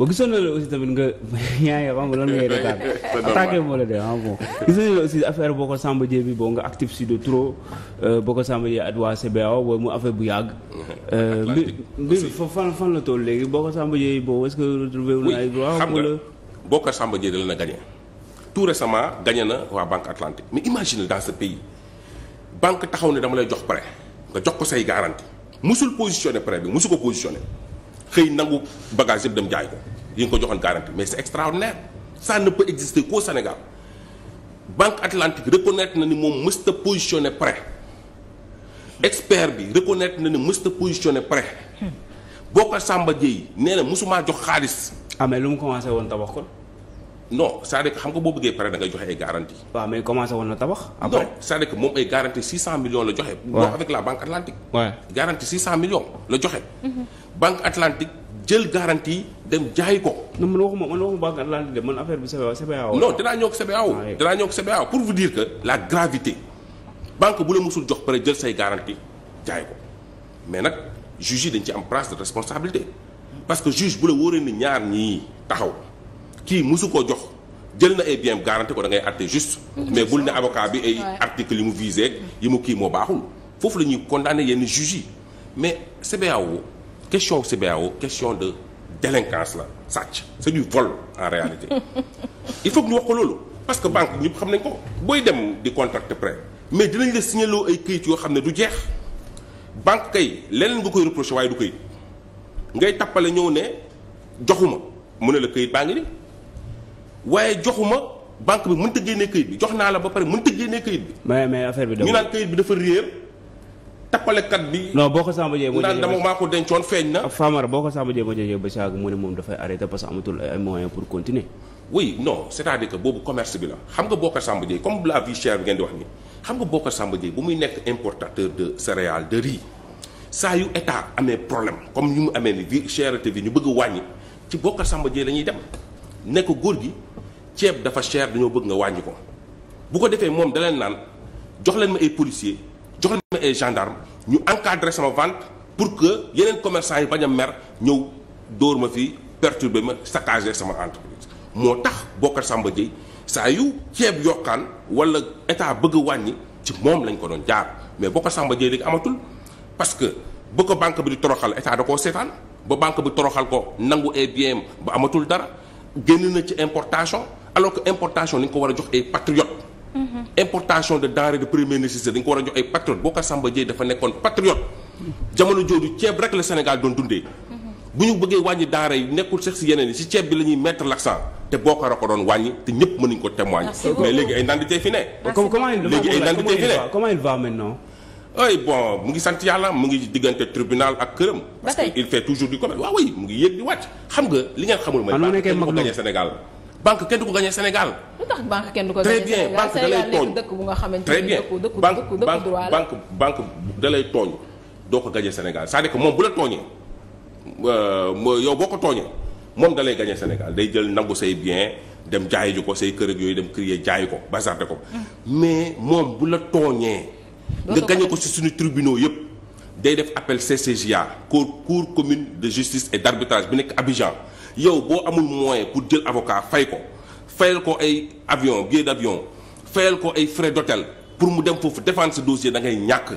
boo gisoon na la aussi tamit nga yaa ngi xam nga lan ngay retaan attaqué moo la de ah aussi affaire Bocar Samba Dièye bi boo nga actif si de trop euh, Bocar Samba Dièye at waa CBAO booy mu affaire bu yàgg euh, mbir mbir fan fan la toll léegi Bocar Samba Dièye boobu est-ce que retrouvé wu na ay droit xam nga Bocar Samba Dièye dala na gagné tout récemment gagné na waa Banque Atlantique mais imagine dans ce pays banque taxaw ne dama lay jox prêt nga jox ko say garantie mosul positionné prêt bi musu ko positionné xëy nangu bagage yëpp dem jaay ko yi nga ko joxoon garantie mais c'est extraordinaire ça ne peut exister qu'au Sénégal Banque Atlantique reconnaître na ni moom mës ta positionné prêt expert bi reconnaître na ni mës ta positionné prêt hmm. Bocar Samba Dièye nee na mësumaa jox xaalis. ah mais lu mu commencé woon tabax ko non c'est-à-dire que xam nga boo bëggee pare da ngay joxe ay garantie. waaw mais commencé woon na tabax. après non c'est-à-dire que moom ay garantie 600 millions la joxe. waaw avec la banque atlantique. waaw garantie 600 millions la joxe. banque atlantique jël garanti dem jaay ko. non man waxuma man waxuma banque atlantique de man affaire bi CBAO. non dinaa ñëw ak CBAO. dinaa ñëw ak CBAO pour vous dire que la gravité banque bu la mosul jox pare jël say garantie jaay ko mais nag juge yi dañ ci am place de responsabilité parce que juge bu la wóoree ni ñaar ñii taxaw. kii musu ko jox jël na ay bien garanti ko da ngay àtte juste mais bul ne avocat bi ay article yi mu visé yi mu kii moo baaxul foofu la ñuy condamné yenn juges yi mais CBAO question CBAO question de délinquance la sàcc c'est du vol en réalité il faut ñu wax ko loolu parce que banque ñëpp xam nañ ko booy dem di contracter prêt mais dinañ la signaloo ay këyit yoo xam ne du jeex banque kay leneen nga koy reproché waaye du këyit ngay tappale ñëw ne joxuma mu ne la këyit baa waaye joxuma banque bi mënta génnee këyit bi jox naa la ba pare mënta génnee këyit bi. mais mais affaire bi ñu naan këyit bi dafa réer. tappalekat bi. non boo ko Samba Dieye moo daan dama maa ko dencoon feeñ na. Famara boo ko Samba Dieye moo jëjee ba saag mu ne moom dafay arrêté parce que amatul ay moyens pour continuer. oui non c'est-à-dire boobu commerce bi la xam nga Bocar Samba Dieye comme la vie chère bi ngeen di wax nii xam nga Bocar Samba Dieye bu muy nekk importateur de céréales de riz saa yu état amee problème comme ñu mu amee ni vie chèreté bi ñu bëgg wàññi ci Bocar Samba Dieye la ñuy dem. ne ko góor gi ceeb dafa cher dañoo bëgg nga wàññi ko bu ko defee moom daleen naan joxleen leen ma ay policiers jox leen ma ay gendarmes ñu encadrer sama vente pour que yeneen commerçant yi bañ a mer ñëw dóor ma fi perturber ma saccager sama entreprise. moo tax Bocar Samba Dièye saa yu ceeb yokkaan wala état bëgg wàññi ci moom lañ ko doon jaar mais Bocar Samba Dièye léegi amatul parce que ba ko banque bi di toroxal état da koo seetaan ba banque bi toroxal ko nangu ay bien ba amatul dara. génn na ci importation alors que importation li ko war a jox ay patriote mhm. importation de denrées de première nécessité dañ ko war a jox ay patriote Bocar Samba Dièye dafa nekkoon patriote jamono jooju ceeb rek la Sénégal doon dundee mhm. bu ñu bëggee wàññi denrées yi nekkul sax si yeneen yi si ceeb bi la ñuy mettre l'accent te Bocar a ko doon wàññi te ñëpp mën nañu ko témoigner mais léegi ay ndanditee fi ne léegi ay ndanditee fi ne ay bon mu ngi sant yàlla mu ngi diggante tribunal ak këram. parce que il fait toujours du commerce waaw oui mu ngi yéeg di wàcc. xam nga li ngeen xamul mooy. Ah, banque kenn du ko gagné Sénégal. banque kenn du ko gagné kenn du ko gagné Sénégal très bien banque da tooñ bu nga xamante ne dëkku dëkku dëkku dëkku droit la banque da lay tooñ doo ko gagné Sénégal c'est-à-dire que moom bu la tooñee euh, yow boo ko tooñee moom da lay gagné Sénégal day jël nangu say bien dem jaayi ju ko say kër ak yooyu dem crier jaay ko bazarde ko hmm. mais moom bu la tooñee nga gagné ko ci suñu tribunaux yëpp day def appel CCJA cour cour commune de justice et d'arbitrage bi nekk Abidjan yow boo amul moyen pour jël avocat fay ko fayal ko ay avion billet d'avion fayal ko ay frais d'hôtel pour mu dem foofu défendre ce dossier da ngay ñàkk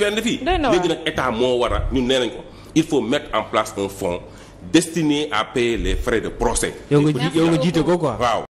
fenn fii léegi nag état moo war ñu nee nañ ko il faut mettre en place un fonds destiné à payer les frais de procès yow nga jiite ko quoi waaw